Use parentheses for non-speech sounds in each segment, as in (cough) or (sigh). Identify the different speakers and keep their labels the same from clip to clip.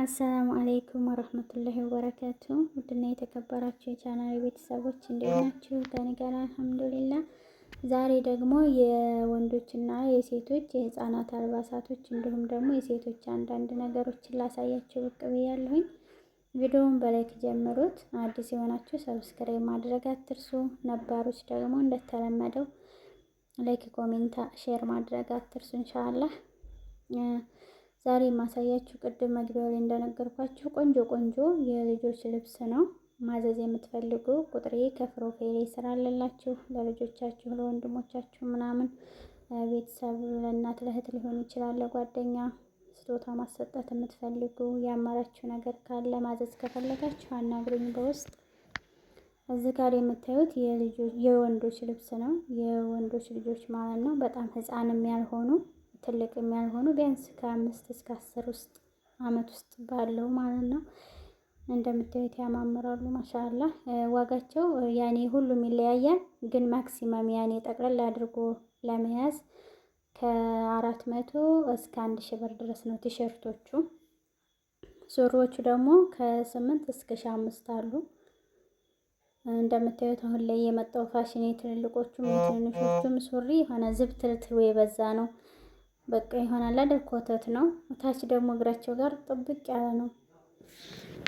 Speaker 1: አሰላሙ አሌይኩም ወረህመቱላሂ ወበረካቱ። ውድና የተከበራችሁ የቻናል ቤተሰቦች እንዴት ናችሁ? ከእኔ ጋር አልሐምዱሊላ። ዛሬ ደግሞ የወንዶችና የሴቶች የህፃናት አልባሳቶች እንዲሁም ደግሞ የሴቶች አንዳንድ ነገሮችን ላሳያችሁ ብቅ ብያለሁኝ። ቪዲዮውን በላይ ከጀመሩት አዲስ የሆናችሁ ሰብስክራይብ ማድረግ አትርሱ። ነባሮች ደግሞ እንደተለመደው ላይክ፣ ኮሜንት፣ ሼር ማድረግ አትርሱ። እንሻአላህ ዛሬ የማሳያችሁ ቅድም መግቢያው ላይ እንደነገርኳችሁ ቆንጆ ቆንጆ የልጆች ልብስ ነው። ማዘዝ የምትፈልጉ ቁጥሬ ከፕሮፋይሌ ስራ አለላችሁ። ለልጆቻችሁ፣ ለወንድሞቻችሁ ምናምን ቤተሰብ፣ ለእናት ለእህት ሊሆን ይችላል፣ ለጓደኛ ስጦታ ማሰጠት የምትፈልጉ ያማራችሁ ነገር ካለ ማዘዝ ከፈለጋችሁ አናግሩኝ በውስጥ። እዚህ ጋር የምታዩት የወንዶች ልብስ ነው። የወንዶች ልጆች ማለት ነው። በጣም ህፃንም ያልሆኑ ትልቅም ያልሆኑ ቢያንስ ከአምስት እስከ አስር ውስጥ አመት ውስጥ ባለው ማለት ነው። እንደምታዩት ያማምራሉ። ማሻላ ዋጋቸው ያኔ ሁሉም ይለያያል፣ ግን ማክሲመም ያኔ ጠቅለል አድርጎ ለመያዝ ከአራት መቶ እስከ አንድ ሺህ ብር ድረስ ነው ቲሸርቶቹ። ሱሪዎቹ ደግሞ ከስምንት እስከ ሺህ አምስት አሉ። እንደምታዩት አሁን ላይ የመጣው ፋሽን የትልልቆቹም የትንንሾቹም ሱሪ የሆነ ዝብትርትሩ የበዛ ነው። በቃ ይሆናል አይደል? ኮተት ነው። ታች ደግሞ እግራቸው ጋር ጥብቅ ያለ ነው።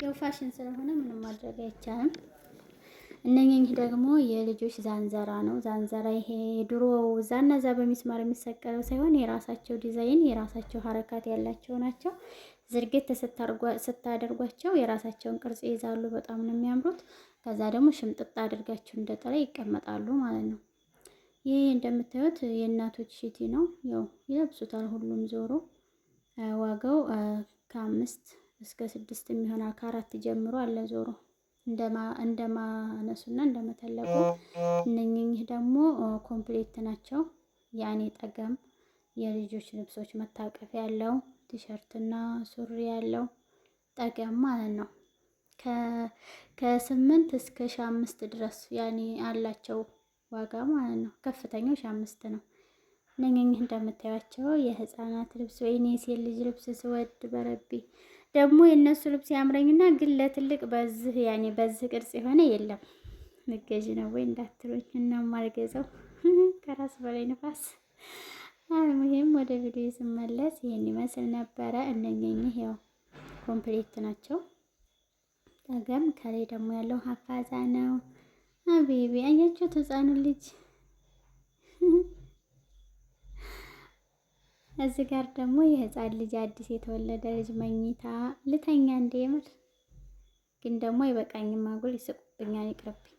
Speaker 1: ያው ፋሽን ስለሆነ ምንም ማድረግ አይቻልም። እነኚህ ደግሞ የልጆች ዛንዘራ ነው። ዛንዘራ ይሄ ድሮ ዛና በሚስማር የሚሰቀለው ሳይሆን የራሳቸው ዲዛይን የራሳቸው ሀረካት ያላቸው ናቸው። ዝርግት ስታደርጓቸው የራሳቸውን ቅርጽ ይዛሉ። በጣም ነው የሚያምሩት። ከዛ ደግሞ ሽምጥጥ አድርጋችሁ እንደ ይቀመጣሉ ማለት ነው። ይህ እንደምታዩት የእናቶች ሽቲ ነው። ያው ይለብሱታል ሁሉም ዞሮ ዋጋው ከአምስት እስከ ስድስት የሚሆን ከአራት ጀምሮ አለ ዞሮ እንደማነሱና እንደመተለቁ። እነኝህ ደግሞ ኮምፕሌት ናቸው። ያኔ ጠገም የልጆች ልብሶች መታቀፍ ያለው ቲሸርትና ሱሪ ያለው ጠገም ማለት ነው። ከስምንት እስከ ሺህ አምስት ድረስ ያኔ አላቸው ዋጋ ማለት ነው። ከፍተኛው ሺ አምስት ነው። እነኝህ እንደምታያቸው የህፃናት ልብስ ወይኔ የሴት ልጅ ልብስ ስወድ በረቢ ደግሞ የእነሱ ልብስ ያምረኝና ግን ለትልቅ በዝህ ያኔ በዝህ ቅርጽ የሆነ የለም። መገዥ ነው ወይ እንዳትሉኝ እና (laughs) ከራስ በላይ ንፋስ። (laughs) አልሙሄም ወደ ቪዲዮ ስመለስ ይህን ይመስል ነበረ። እነኝኝህ ያው ኮምፕሌት ናቸው። ጠገም ከላይ ደግሞ ያለው ሀፋዛ ነው። አቤቤ አያቸው ህፃኑ ልጅ። እዚህ ጋር ደግሞ የህፃን ልጅ አዲስ የተወለደ ልጅ መኝታ ልተኛ እንደ የምር ግን ደግሞ አይበቃኝም፣ አጉል ይስቁብኛል፣ ይቅርብኝ።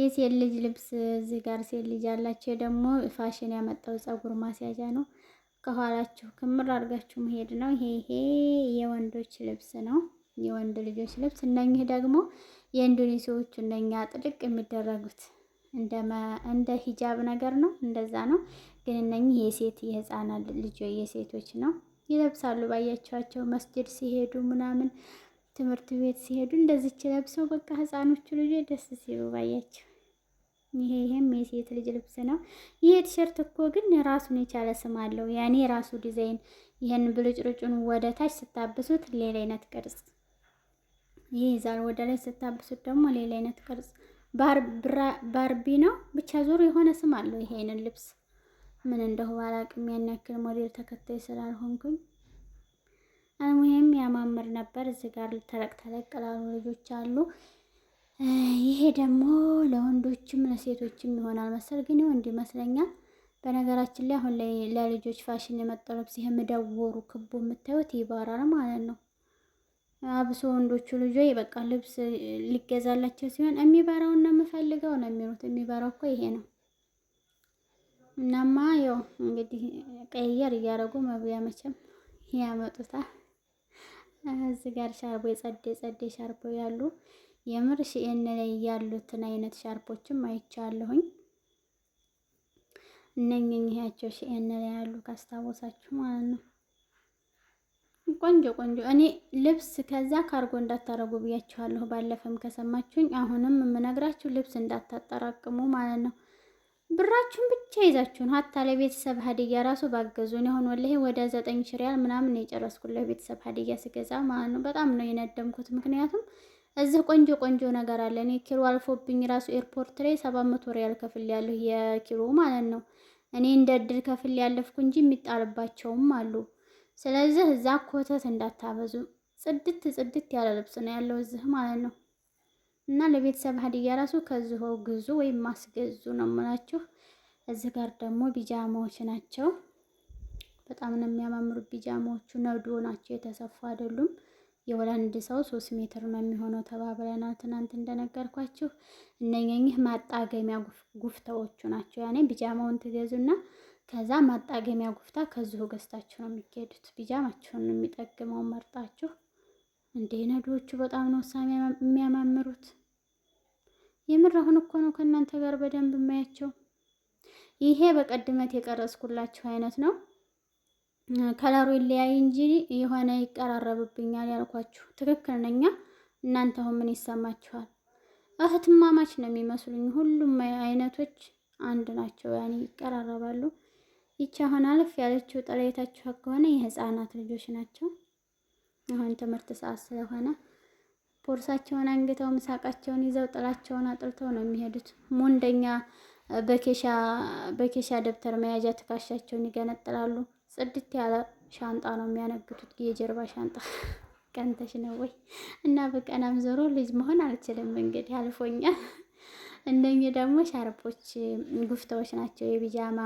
Speaker 1: የሴት ልጅ ልብስ እዚህ ጋር ሴት ልጅ ያላቸው ደግሞ ፋሽን ያመጣው ፀጉር ማስያዣ ነው። ከኋላችሁ ክምር አድርጋችሁ መሄድ ነው። ይሄ ይሄ የወንዶች ልብስ ነው። የወንድ ልጆች ልብስ እነኚህ ደግሞ የኢንዶኔሲያዎቹ እነኛ ጥልቅ የሚደረጉት እንደ ሂጃብ ነገር ነው፣ እንደዛ ነው። ግን እነኚህ የሴት የህፃናት ልጆ የሴቶች ነው ይለብሳሉ። ባያቸዋቸው መስጅድ ሲሄዱ ምናምን ትምህርት ቤት ሲሄዱ እንደዚች ለብሰው በቃ ህፃኖቹ ልጆች ደስ ሲሉ ባያቸው። ይሄ ይሄም የሴት ልጅ ልብስ ነው። ይሄ ቲሸርት እኮ ግን ራሱን የቻለ ስም አለው። ያኔ የራሱ ዲዛይን ይህን ብልጭርጩን ወደ ታች ስታብሱት ሌላ አይነት ቅርጽ ይይዛል። ወደ ላይ ስታብሱት ደግሞ ሌላ አይነት ቅርጽ ባርቢ ነው ብቻ ዞሮ የሆነ ስም አለው። ይሄንን ልብስ ምን እንደሁ ባላቅም ያን ያክል ሞዴል ተከታይ ስላልሆንኩኝ አልሙሄም ያማምር ነበር። እዚህ ጋር ተለቅ ተለቅ ላሉ ልጆች አሉ። ይሄ ደግሞ ለወንዶችም ለሴቶችም ይሆናል መሰል፣ ግን ወንድ ይመስለኛል። በነገራችን ላይ አሁን ላይ ለልጆች ፋሽን የመጣ ልብስ ይሄ ክቡ የምታዩት ይባራል ማለት ነው። አብሶ ወንዶቹ ልጆች በቃ ልብስ ሊገዛላቸው ሲሆን የሚበራው ነው የምፈልገው ነው የሚሉት። የሚበራው እኮ ይሄ ነው። እናማ ያው እንግዲህ ቀየር እያደረጉ መብያ መቼም ያመጡታል። እዚህ ጋር ሻርቦ የጸደ ጸደ ሻርቦ ያሉ የምር ሽኤን ላይ ያሉትን አይነት ሻርፖችም አይቻለሁኝ። እነኝህ ያቸው ሽኤን ላይ ያሉ ካስታወሳችሁ ማለት ነው። ቆንጆ ቆንጆ እኔ ልብስ ከዛ ካርጎ እንዳታረጉ ብያችኋለሁ። ባለፈም ከሰማችሁኝ አሁንም የምነግራችሁ ልብስ እንዳታጠራቅሙ ማለት ነው። ብራችሁን ብቻ ይዛችሁን ሀታ ለቤተሰብ ሀዲያ ራሱ ባገዙን አሁን ወላሂ ወደ ዘጠኝ ሺህ ምናምን ነው የጨረስኩት ለቤተሰብ ሀዲያ ስገዛ ማለት ነው። በጣም ነው የነደምኩት። ምክንያቱም እዚህ ቆንጆ ቆንጆ ነገር አለ። እኔ ኪሎ አልፎብኝ ራሱ ኤርፖርት ላይ ሰባት መቶ ሪያል ከፍል ያለሁ የኪሎ ማለት ነው። እኔ እንደ እድል ከፍል ያለፍኩ እንጂ የሚጣልባቸውም አሉ ስለዚህ እዛ ኮተት እንዳታበዙ። ጽድት ጽድት ያለ ልብስ ነው ያለው እዚህ ማለት ነው። እና ለቤተሰብ ሀዲያ ራሱ ከዚሁ ግዙ ወይም ማስገዙ ነው የምላችሁ። እዚህ ጋር ደግሞ ቢጃማዎች ናቸው። በጣም ነው የሚያማምሩ ቢጃማዎቹ። ነዶ ናቸው የተሰፉ አይደሉም። የወላንድ ሰው ሶስት ሜትር ነው የሚሆነው ተባብለናል፣ ትናንት እንደነገርኳችሁ። እነኛኝህ ማጣገሚያ ጉፍተዎቹ ናቸው። ያኔ ቢጃማውን ትገዙና ከዛ ማጣገሚያ ጉፍታ ከዚሁ ገዝታችሁ ነው የሚሄዱት። ቢጃማችሁን የሚጠግመው መርጣችሁ። እንዴ ነዶቹ በጣም ነው ሳሚ የሚያማምሩት። የምር አሁን እኮ ነው ከእናንተ ጋር በደንብ የማያቸው። ይሄ በቀድመት የቀረጽኩላችሁ አይነት ነው። ከለሩ ይለያይ እንጂ የሆነ ይቀራረብብኛል ያልኳችሁ ትክክል ነኛ። እናንተ አሁን ምን ይሰማችኋል? እህትማማች ነው የሚመስሉኝ። ሁሉም አይነቶች አንድ ናቸው፣ ያኔ ይቀራረባሉ። ይቺ አሁን አለፍ ያለችው ጥላ የታችኋት ከሆነ የህፃናት ልጆች ናቸው። አሁን ትምህርት ሰዓት ስለሆነ ቦርሳቸውን አንግተው ምሳቃቸውን ይዘው ጥላቸውን አጥልተው ነው የሚሄዱት። ሞንደኛ በኬሻ በኬሻ ደብተር መያዣ ትካሻቸውን ይገነጥላሉ። ጽድት ያለ ሻንጣ ነው የሚያነግቱት፣ የጀርባ ሻንጣ። (laughs) ቀንተሽ ነው ወይ? እና በቀናም ዞሮ ልጅ መሆን አልችልም እንግዲህ አልፎኛል። እንደኝ ደግሞ ሻርፖች ጉፍታዎች ናቸው። የቢጃማ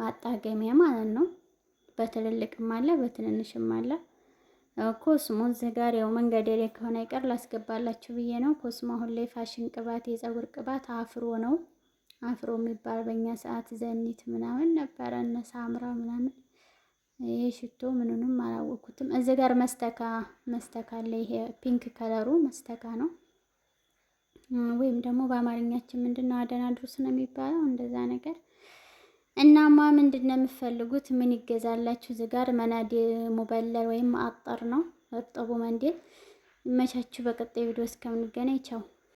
Speaker 1: ማጣገሚያ ማለት ነው። በትልልቅም አለ በትንንሽም አለ። ኮስሞ እዚህ ጋር ያው መንገድ ላይ ከሆነ አይቀር ላስገባላችሁ ብዬ ነው። ኮስሞ አሁን ላይ ፋሽን ቅባት፣ የፀጉር ቅባት አፍሮ ነው። አፍሮ የሚባል በእኛ ሰዓት ዘኒት ምናምን ነበረ እነ ሳምራ ምናምን ይሄ ሽቶ ምንንም አላወቅኩትም። እዚህ ጋር መስተካ መስተካ አለ። ይሄ ፒንክ ከለሩ መስተካ ነው። ወይም ደግሞ በአማርኛችን ምንድን ነው ድሩስ ነው የሚባለው እንደዛ ነገር። እናማ ምንድን ነው የምትፈልጉት? ምን ይገዛላችሁ? እዚህ ጋር መናድ ሙበለል ወይም አጠር ነው እርጥቡ መንዴል። ይመቻችሁ። በቀጣይ ቪዲዮ እስከምንገናኝ ቻው።